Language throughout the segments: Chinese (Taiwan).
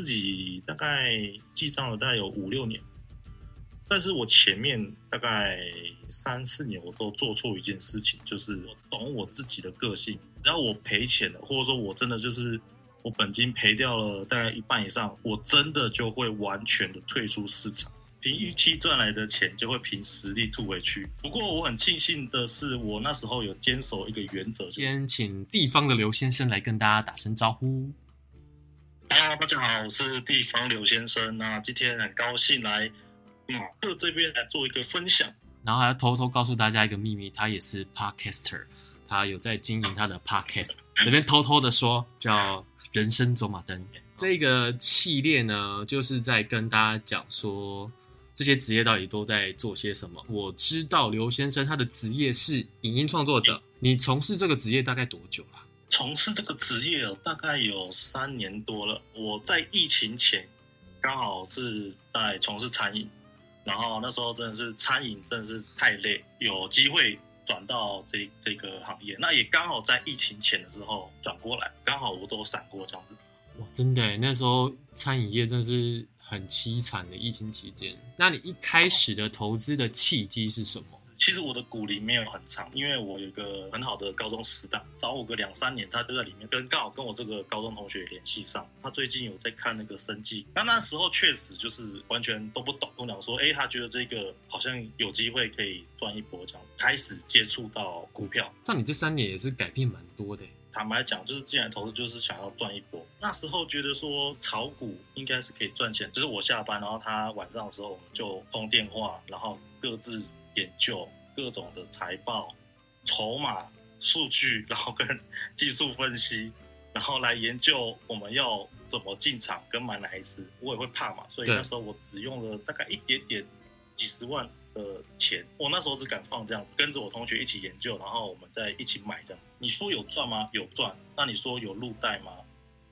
自己大概記賬了，大概有五六年。但是我前面大概三四年，我都做錯一件事情，就是我懂我自己的個性。只要我賠錢了，或者說我真的就是我本金賠掉了，大概一半以上，我真的就會完全的退出市場，憑預期賺來的錢就會憑實力吐回去。不過我很慶幸的是，我那時候有堅守一個原則。就是先請地方的劉先生來跟大家打聲招呼。哈嘍，大家好，我是地方劉先生啊。今天很高興來馬克、嗯、這邊來做一個分享，然後還要偷偷告訴大家一個秘密，他也是 Podcaster，他有在經營他的 Podcast。這邊偷偷的說，叫“人生走馬燈”嗯、這個系列呢，就是在跟大家講說，這些職業到底都在做些什麼。我知道劉先生他的職業是影音創作者，你從事這個職業大概多久了、啊？從事這個職業大概有三年多了。我在疫情前剛好是在從事餐飲，然後那時候真的是餐飲真的是太累，有機會轉到這這個行業，那也剛好在疫情前的時候轉過來，剛好我都閃過這樣子。哇，真的，那時候餐飲業真的是很凄慘的。疫情期間，那你一開始的投資的契機是什麼？其實我的股齡沒有很長，因為我有一個很好的高中時代，找我個兩三年，他都在裡面跟剛好跟我這個高中同學聯繫上。他最近有在看那個《生技》，那那時候確實就是完全都不懂。跟我講說，哎，他覺得這個好像有機會可以賺一波這樣，開始接觸到股票。像你這三年也是改變蠻多的。坦白講，就是既然投資就是想要賺一波。那時候覺得說炒股應該是可以賺錢，就是我下班，然後他晚上的時候我們就通電話，然後各自。研究各種的財報、籌碼數據，然後跟技術分析，然後來研究我們要怎麼進場跟買哪一隻？我也會怕嘛，所以那時候我只用了大概一點點、幾十萬的錢，對我那時候只敢放這樣子，跟着我同學一起研究，然後我們再一起買的。你說有賺嗎？有賺。那你說有入袋嗎？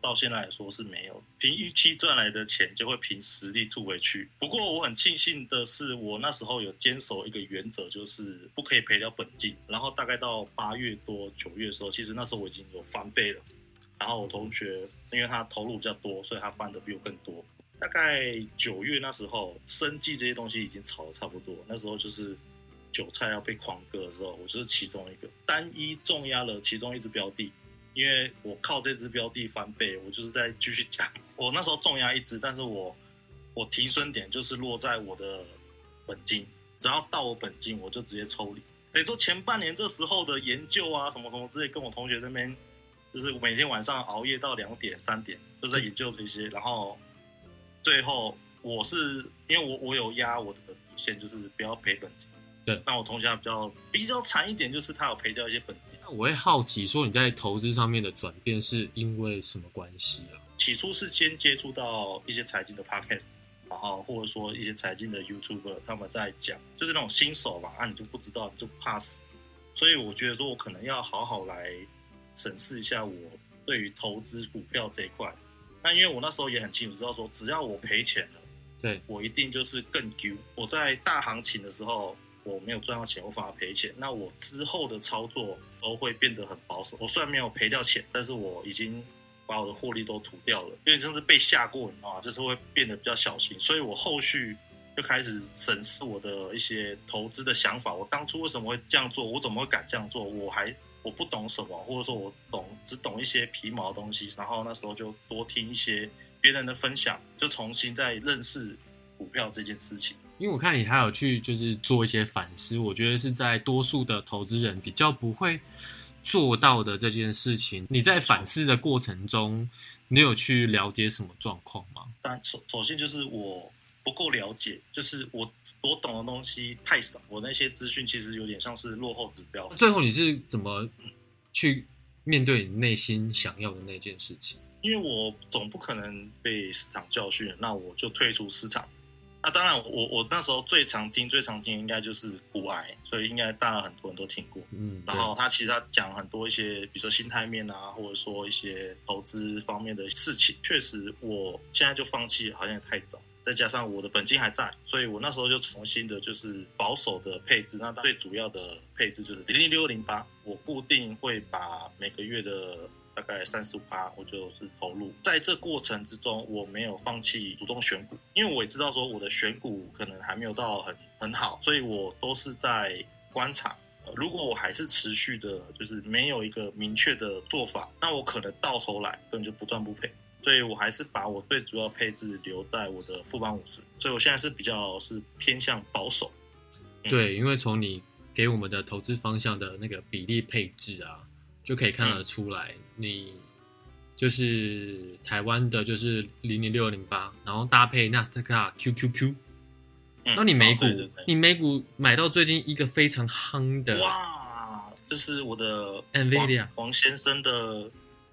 到現在來說是沒有，憑預期賺來的錢就會憑實力吐回去。不過我很慶幸的是，我那時候有堅守一個原則，就是不可以賠掉本金。然後大概到八月多九月的時候，其實那時候我已經有翻倍了。然後我同學因為他投入比較多，所以他翻的比我更多。大概九月那時候，生技這些東西已經炒得差不多，那時候就是韭菜要被狂割的時候，我就是其中一個，單一重壓了其中一隻標的。因為我靠這只標的翻倍，我就是在繼續講。我那時候重壓一只，但是我我停損點，就是落在我的本金，只要到我本金，我就直接抽離。你說前半年這時候的研究啊，什麼什麼，之類，跟我同學這邊，就是每天晚上熬夜到兩點三點，就是在研究這些。嗯、然後最後我是因為我我有壓我的底線，就是不要賠本金。對，那我同學還比較比較慘一點，就是他有賠掉一些本金。我會好奇說，你在投資上面的轉變是因為什麼關係啊？起初是先接觸到一些財經的 podcast，然後或者說一些財經的 YouTuber，他們在講就是那種新手嘛，啊，你就不知道，你就 pass。所以我覺得說，我可能要好好來審視一下我對於投資股票這一塊。那因為我那時候也很清楚知道說，只要我賠錢了，對，我一定就是更 Q。我在大行情的時候。我沒有賺到錢，我反而賠錢。那我之後的操作都會變得很保守。我雖然沒有賠掉錢，但是我已經把我的獲利都吐掉了，因為真是被嚇過，你知道嗎？就是會變得比較小心。所以我後續就開始審視我的一些投資的想法。我當初為什麼會這樣做？我怎麼會敢這樣做？我還我不懂什麼，或者說，我懂，只懂一些皮毛的東西。然後那時候就多聽一些別人的分享，就重新再認識股票這件事情。因為我看你還有去就是做一些反思，我覺得是在多數的投資人比較不會做到的這件事情。你在反思的過程中，你有去了解什麼狀況嗎？當然，首首先就是我不夠了解，就是我我懂的東西太少，我那些資訊其實有點像是落後指標。最後你是怎麼去面對你內心想要的那件事情？因為我總不可能被市場教訓，那我就退出市場。那當然我，我我那時候最常聽、最常聽應該就是股癌，所以應該大家很多人都聽過。嗯，然後他其實他講很多一些，比如說心態面啊，或者說一些投資方面的事情。確實，我現在就放棄，好像也太早，再加上我的本金還在，所以我那時候就重新的，就是保守的配置。那最主要的配置就是零零六零八，我固定會把每個月的，大概三十五趴，我就是投入。在這過程之中，我沒有放棄主動選股，因為我也知道說我的選股可能還沒有到很很好，所以我都是在觀察、呃。如果我還是持續的，就是沒有一個明確的做法，那我可能到頭來根本就不賺不賠。所以我還是把我最主要配置留在我的富邦五十。所以我現在是比較是偏向保守。對，因為從你給我們的投資方向的那個比例配置啊。就可以看得出來，嗯、你就是台灣的，就是零零六零八，然後搭配納斯達克 QQQ。那、嗯、你美股，對對對，你美股買到最近一個非常夯的哇，這是我的王 Nvidia 黃先生的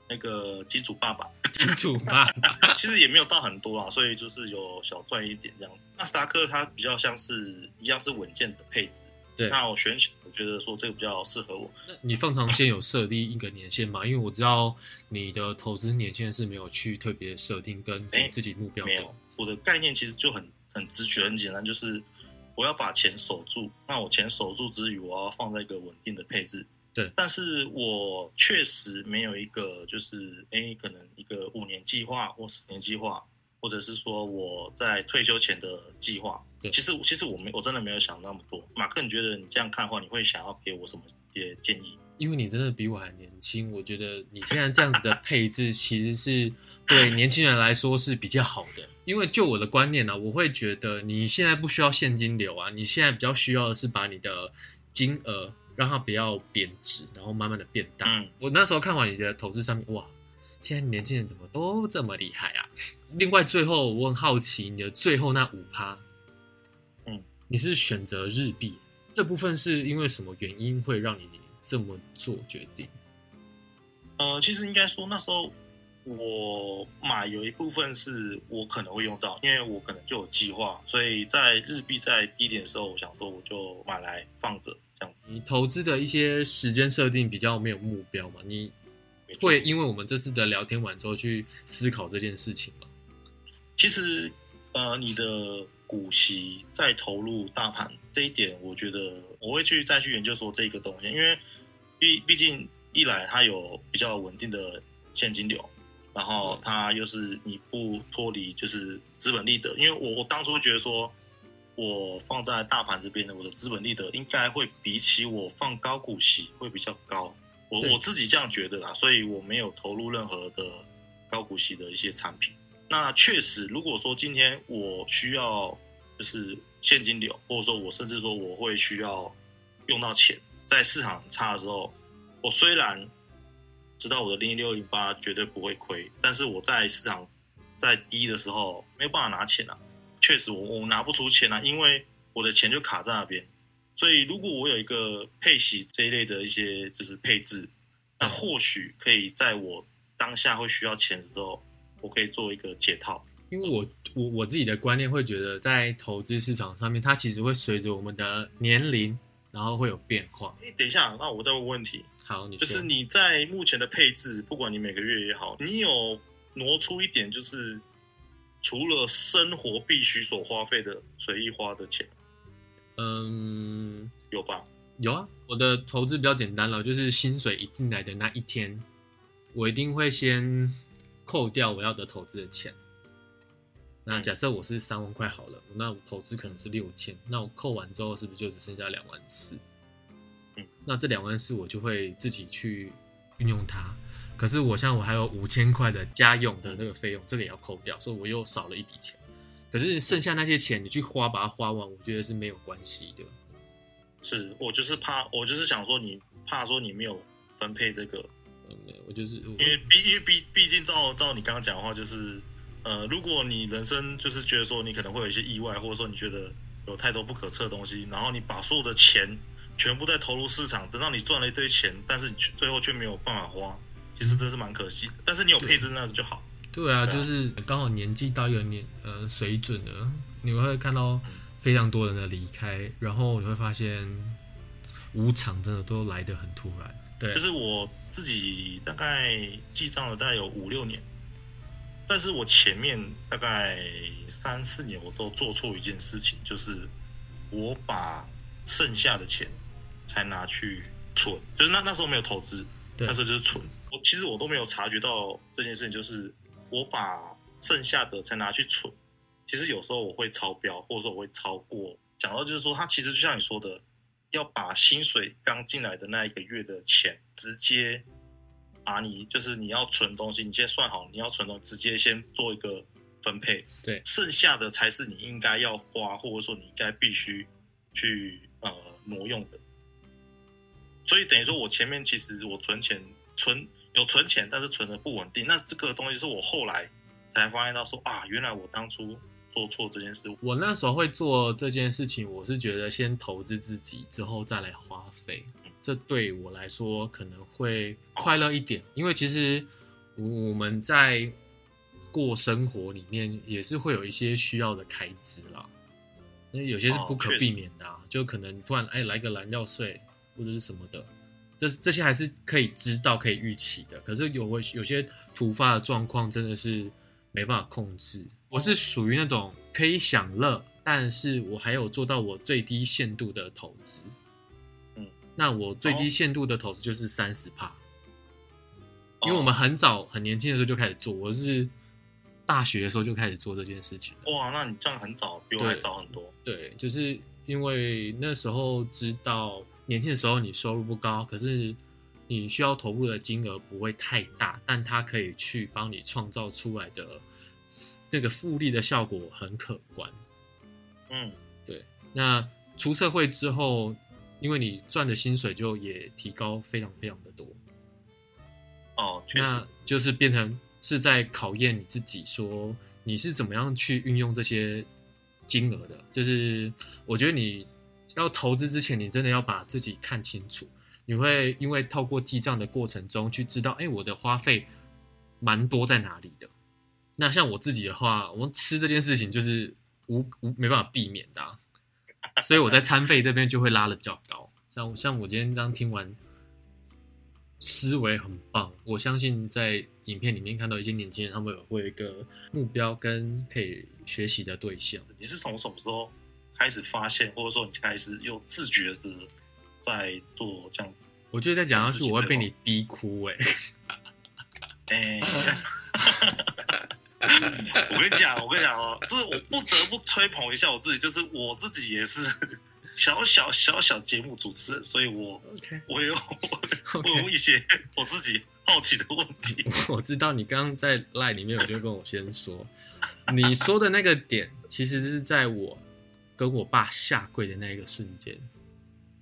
那個基礎爸爸，基礎爸爸， 其實也沒有到很多啊，所以就是有小賺一點這樣。納斯達克它比較像是，一樣是穩健的配置。對，那我選，我覺得說這個比較適合我。那你放長線有設定一個年限嗎？因為我知道你的投資年限是沒有去特別設定跟你自己目標的。沒有，我的概念其實就很很直覺，很簡單，就是我要把錢守住。那我錢守住之餘，我要放在一個穩定的配置。對，但是我確實沒有一個就是哎，可能一個五年計劃或十年計劃。或者是說我在退休前的計劃，對其實其實我沒我真的沒有想那麼多。馬克，你覺得你這樣看的話，你會想要給我什麼一些建議？因為你真的比我還年輕，我覺得你現在這樣子的配置其實是對年輕人來說是比較好的。 因為就我的觀念呢、啊，我會覺得你現在不需要現金流啊，你現在比較需要的是把你的金額讓它不要貶值，然後慢慢的變大。嗯、我那時候看完你的投資上面，哇！現在年輕人怎麼都這麼厲害啊！另外，最後我很好奇，你的最後那五趴，嗯，你是選擇日幣這部分是因為什麼原因會讓你這麼做決定？呃，其實應該說，那時候我買有一部分是我可能會用到，因為我可能就有計劃，所以在日幣在低點的時候，我想說我就買來放着這樣子。你投資的一些時間設定比較沒有目標嘛？你。會，因為我們這次的聊天完之後去思考這件事情。其實，呃，你的股息再投入大盤這一點，我覺得我會去再去研究說這個東西，因為畢畢竟一來它有比較穩定的現金流，然後它又是你不脫離就是資本利得，因為我我當初覺得說，我放在大盤這邊的我的資本利得應該會比起我放高股息會比較高。我我自己這樣覺得啦，所以我沒有投入任何的高股息的一些產品。那確實，如果說今天我需要就是現金流，或者說我甚至說我會需要用到錢，在市場很差的時候，我雖然知道我的零一六零八絕對不會虧，但是我在市場在低的時候沒有辦法拿錢啊。確實，我我拿不出錢啊，因為我的錢就卡在那邊。所以，如果我有一個配息這一類的一些就是配置，那或許可以在我當下會需要錢的時候，我可以做一個解套。因為我我我自己的觀念會覺得，在投資市場上面，它其實會隨着我們的年齡，然後會有變化。哎，等一下，那我再問問題。好，你就是你在目前的配置，不管你每個月也好，你有挪出一點，就是除了生活必須所花費的隨意花的錢。嗯，有吧？有啊，我的投資比較簡單了，就是薪水一進來的那一天，我一定會先扣掉我要的投資的錢。那假設我是三萬塊好了，那我投資可能是六千，那我扣完之後是不是就只剩下兩萬四？嗯，那這兩萬四我就會自己去運用它。可是我像我還有五千塊的家用的這個費用，這個也要扣掉，所以我又少了一筆錢。可是剩下那些錢，你去花把它花完，我覺得是沒有關係的。是我就是怕，我就是想說你，你怕說你沒有分配這個，我就是我因為畢，因為畢，畢竟照照你剛剛講的話，就是呃，如果你人生就是覺得說你可能會有一些意外，或者說你覺得有太多不可測的東西，然後你把所有的錢全部在投入市場，等到你賺了一堆錢，但是你最後卻沒有辦法花，其實真是蠻可惜的。但是你有配置那就好。對啊，就是剛好年紀到一個年呃水準了，你會看到非常多人的離開，然後你會發現無常真的都來得很突然。對，就是我自己大概記賬了大概有五六年，但是我前面大概三四年我都做錯一件事情，就是我把剩下的錢才拿去存，就是那那時候沒有投資，那時候就是存，對我其實我都沒有察覺到這件事情，就是。我把剩下的才拿去存，其實有時候我會超標，或者說我會超過。講到就是說，他其實就像你說的，要把薪水剛進來的那一個月的錢，直接把你就是你要存東西，你先算好你要存的，直接先做一個分配。對，剩下的才是你應該要花，或者說你應該必須去呃挪用的。所以等於說我前面其實我存錢存。有存錢，但是存的不穩定。那這個東西是我後來才發現到說啊，原來我當初做錯這件事。我那時候會做這件事情，我是覺得先投資自己，之後再來花費。這對我來說可能會快樂一點，哦、因為其實我們在過生活裡面也是會有一些需要的開支啦。那有些是不可避免的啊，哦、就可能突然哎來個燃料稅，或者是什麼的。這這些還是可以知道、可以預期的，可是有我有些突發的狀況，真的是沒辦法控制。我是屬於那種可以享樂，但是我還有做到我最低限度的投資。嗯，那我最低限度的投資就是三十趴，因為我們很早、很年輕的時候就開始做，我是大學的時候就開始做這件事情。哇，那你這樣很早，比我還早很多。對，對，就是因為那時候知道。年輕的時候，你收入不高，可是你需要投入的金額不會太大，但它可以去幫你創造出來的那個複利的效果很可觀。嗯，對。那出社會之後，因為你賺的薪水就也提高非常非常的多。哦，確實。那就是變成是在考驗你自己，說你是怎麼樣去運用這些金額的。就是我覺得你。要投資之前，你真的要把自己看清楚。你會因為透過記賬的過程中去知道，哎、欸，我的花費蠻多在哪裡的。那像我自己的話，我吃這件事情就是無無沒辦法避免的，啊，所以我在餐費這邊就會拉得比較高。像像我今天剛聽完，思維很棒。我相信在影片裡面看到一些年輕人，他們有會有一個目標跟可以學習的對象。你是從什麼時候？開始發現，或者說你開始又自覺的在做這樣子，我覺得再講下去，我會被你逼哭哎，哎，我跟你講，我跟你講哦，就是我不得不吹捧一下我自己，就是我自己也是小小小小節目主持人，所以我 Okay. 我也有我有一些我自己好奇的問題。Okay. 我知道你剛剛在 line 裡面，我就跟我先說， 你說的那個點其實是在我。跟我爸下跪的那一個瞬間，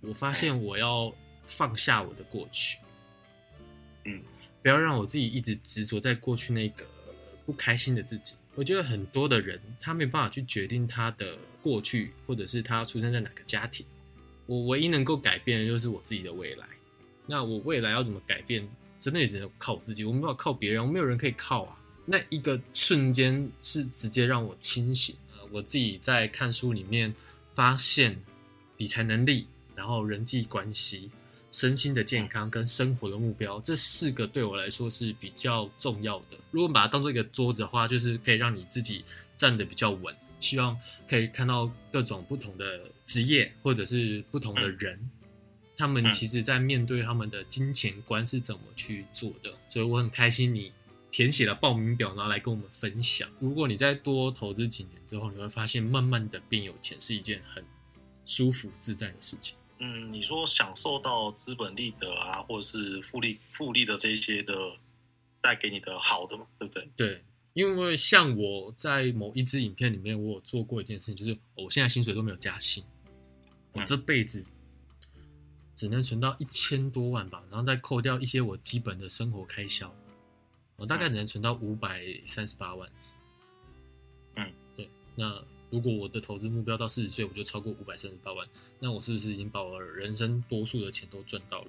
我發現我要放下我的過去，嗯，不要讓我自己一直執着在過去那個不開心的自己。我覺得很多的人他沒有辦法去決定他的過去，或者是他出生在哪個家庭。我唯一能夠改變的就是我自己的未來。那我未來要怎麼改變，真的也只能靠我自己。我沒有靠別人，我沒有人可以靠啊。那一個瞬間是直接讓我清醒。我自己在看書裡面發現，理財能力，然後人際關係、身心的健康跟生活的目標，這四個對我來說是比較重要的。如果把它當做一個桌子的話，就是可以讓你自己站得比較穩。希望可以看到各種不同的職業或者是不同的人，他們其實在面對他們的金錢觀是怎麼去做的。所以我很開心你。填寫了報名表，拿來跟我們分享。如果你再多投資幾年之後，你會發現慢慢的變有錢是一件很舒服自在的事情。嗯，你說享受到資本利得啊，或者是複利複利的這一些的帶給你的好的嘛，對不對？對，因為像我在某一支影片裡面，我有做過一件事情，就是、哦、我現在薪水都沒有加薪，我這輩子只能存到一千多萬吧，然後再扣掉一些我基本的生活開銷。我、哦、大概只能存到五百三十八萬。嗯，對。那如果我的投資目標到四十歲，我就超過五百三十八萬，那我是不是已經把我人生多數的錢都賺到了？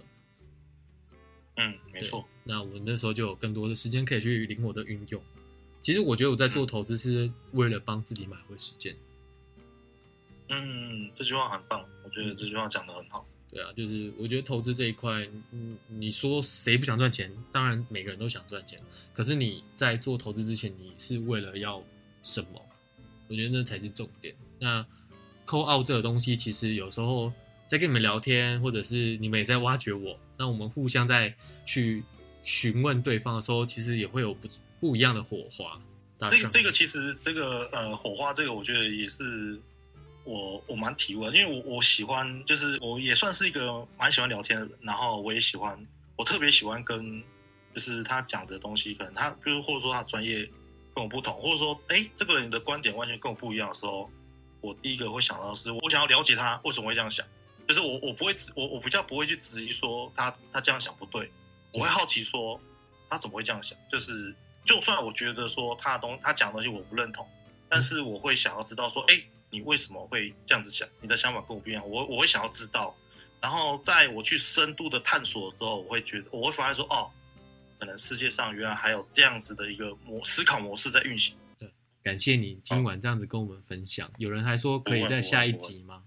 嗯，沒錯。那我那時候就有更多的時間可以去靈活的運用。其實我覺得我在做投資是為了幫自己買回時間。嗯，這句話很棒，我覺得這句話講的很好。嗯對啊，就是我覺得投資這一塊，你說誰不想賺錢？當然每個人都想賺錢。可是你在做投資之前，你是為了要什麼？我覺得那才是重點。那 call out 這個東西，其實有時候在跟你們聊天，或者是你們也在挖掘我，那我們互相在去詢問對方的時候，其實也會有不不一樣的火花。這個、這個其實這個呃，火花這個，我覺得也是。我我蠻提問，因為我我喜歡，就是我也算是一個蠻喜歡聊天的人。然後我也喜歡，我特別喜歡跟，就是他講的東西，可能他就是或者說他專業跟我不同，或者說哎，這個人的觀點完全跟我不一樣的時候，我第一個會想到的是我想要了解他為什麼會這樣想。就是我我不會我我比較不會去質疑說他他這樣想不對，我會好奇說他怎麼會這樣想。就是就算我覺得說他的東他講的東西我不認同，但是我會想要知道說哎。誒你為什麼會這樣子想？你的想法跟我不一樣，我我會想要知道。然後在我去深度的探索的時候，我會覺得我會發現說，哦，可能世界上原來還有這樣子的一個模思考模式在運行。對，感謝你今晚這樣子跟我們分享。哦，有人還說可以在下一集嗎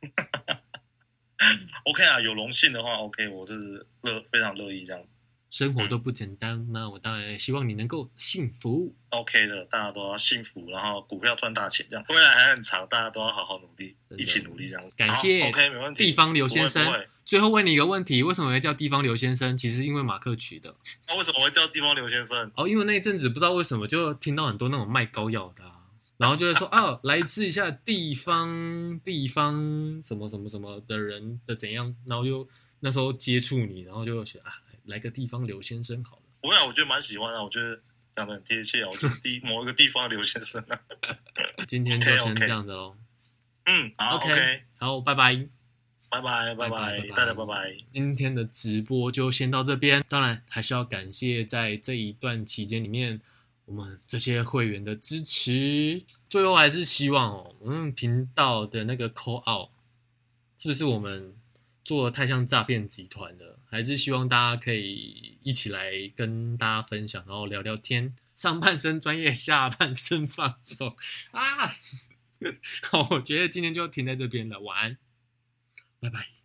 ？OK 啊，有榮幸的話 OK，我就是樂非常樂意這樣生活都不簡單，嗯、那我當然也希望你能夠幸福。OK 的，大家都要幸福，然後股票賺大錢，這樣未來還很長，大家都要好好努力，一起努力這樣。的好感謝 OK，沒問題。地方劉先生，最後問你一個問題：為什麼會叫地方劉先生？其實因為馬克取的。那、啊、為什麼會叫地方劉先生？哦，因為那一陣子不知道為什麼就聽到很多那種賣膏藥的、啊，然後就會說 啊，來自一下地方地方什麼什麼什麼的人的怎樣，然後就那時候接觸你，然後就覺得啊。來個地方劉先生好了，我講我覺得蠻喜歡啊，我覺得講的得講得很貼切啊，我覺得地 某一個地方劉先生啊， 今天就先這樣子嘍。嗯，好，OK，, okay. okay, okay. 好，拜拜，拜拜，拜拜，拜拜，拜拜，今天的直播就先到這邊，當然還是要感謝在這一段期間裡面我們這些會員的支持。最後還是希望哦，嗯，頻道的那個 call out 是不是我們？做的太像詐騙集團了，還是希望大家可以一起來跟大家分享，然後聊聊天。上半身專業，下半身放鬆啊。 好，我覺得今天就停在這邊了。晚安，拜拜。